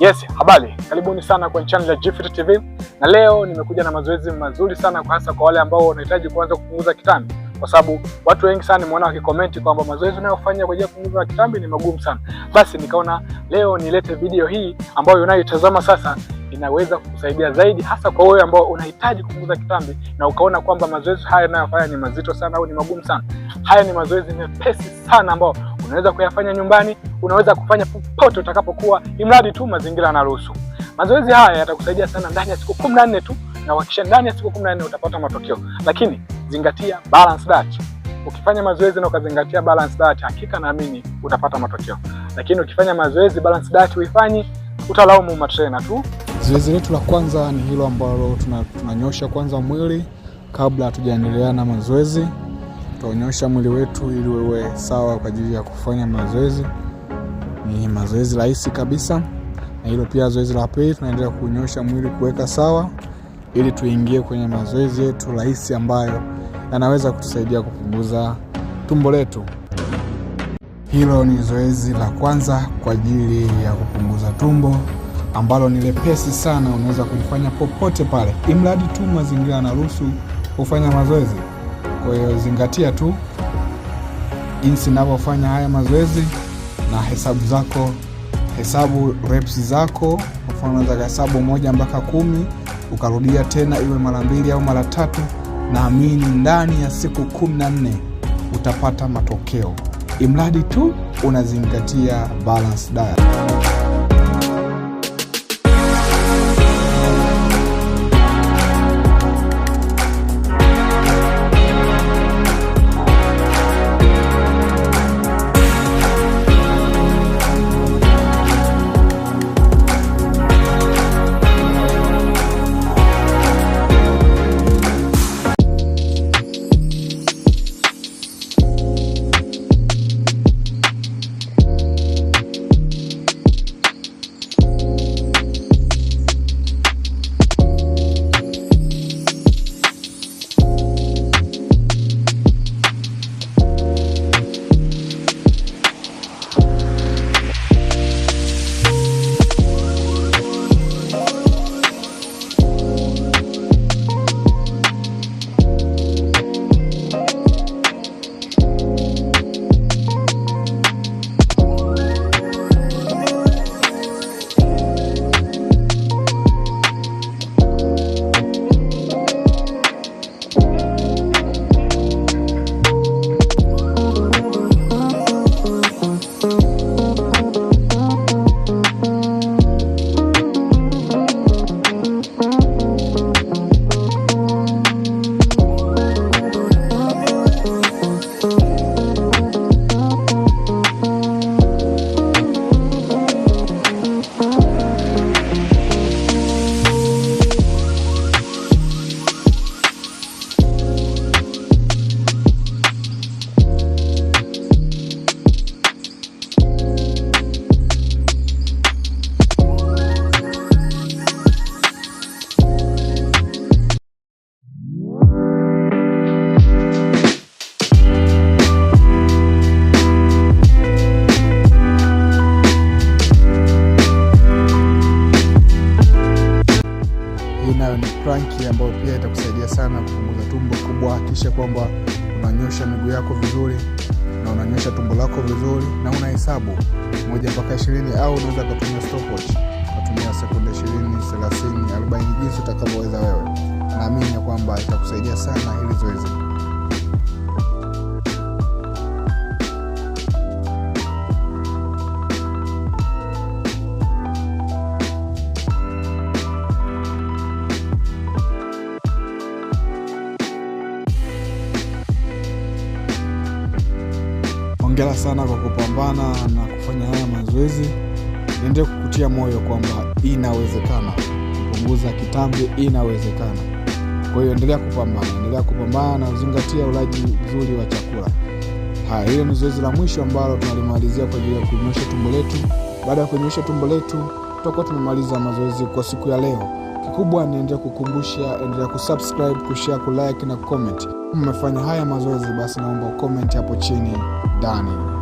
Yes, habari, karibuni sana kwenye channel ya Gfit TV, na leo nimekuja na mazoezi mazuri sana kwa hasa kwa wale ambao wanahitaji kuanza kupunguza kitambi, kwa sababu watu wengi sana nimeona wakikomenti kwamba mazoezi unayofanya kwa ajili ya kupunguza kitambi ni magumu sana. Basi nikaona leo nilete video hii ambayo unayoitazama sasa inaweza kukusaidia zaidi, hasa kwa wewe ambao unahitaji kupunguza kitambi na ukaona kwamba mazoezi haya unayofanya ni mazito sana au ni magumu sana. Haya ni mazoezi mepesi sana ambao unaweza kuyafanya nyumbani, unaweza kufanya popote utakapokuwa, imradi tu mazingira yanaruhusu. Mazoezi haya yatakusaidia sana ndani ya siku kumi na nne tu, na uhakikisha ndani ya siku kumi na nne utapata matokeo, lakini zingatia balance diet. Ukifanya mazoezi na ukazingatia balance diet, hakika naamini utapata matokeo. Lakini ukifanya mazoezi balance diet uifanyi, utalaumu matrena tu. Zoezi letu la kwanza ni hilo ambalo tunanyosha tuna kwanza mwili kabla hatujaendelea na mazoezi tutaonyosha mwili wetu ili wewe sawa kwa ajili ya kufanya mazoezi. Ni mazoezi rahisi kabisa, na hilo pia zoezi la pili, tunaendelea kunyosha mwili kuweka sawa, ili tuingie kwenye mazoezi yetu rahisi ambayo yanaweza kutusaidia kupunguza tumbo letu. Hilo ni zoezi la kwanza kwa ajili ya kupunguza tumbo ambalo ni lepesi sana, unaweza kulifanya popote pale, imradi tu mazingira yanaruhusu kufanya mazoezi. Kwa hiyo zingatia tu jinsi ninavyofanya haya mazoezi na hesabu zako, hesabu reps zako. Kwa mfano unaweza hesabu moja mpaka kumi ukarudia tena iwe mara mbili au mara tatu. Naamini ndani ya siku kumi na nne utapata matokeo, imradi tu unazingatia balance diet. nayo ni planki ambayo pia itakusaidia sana kupunguza tumbo kubwa. kisha kwamba unanyosha miguu yako vizuri na unanyosha tumbo lako vizuri na unahesabu moja mpaka ishirini, au unaweza ukatumia ukatumia sekunde ishirini, thelathini, arobaini, jinsi utakavyoweza wewe. Naamini ya kwamba itakusaidia sana hili zoezi. Hongera sana kwa kupambana na kufanya haya mazoezi. niendee kukutia moyo kwamba inawezekana kupunguza kitambi, inawezekana. Kwa hiyo endelea kupambana, endelea kupambana na uzingatia ulaji mzuri wa chakula. Haya, hiyo ni zoezi la mwisho ambalo tunalimalizia kwa ajili ya kunyoosha tumbo letu. Baada ya kunyoosha tumbo letu, tutakuwa tumemaliza mazoezi kwa siku ya leo. Kikubwa niendelea kukumbusha, endelea kusubscribe, kushare, kulike na kucomment mmefanya haya mazoezi, basi naomba ukomenti hapo chini dani.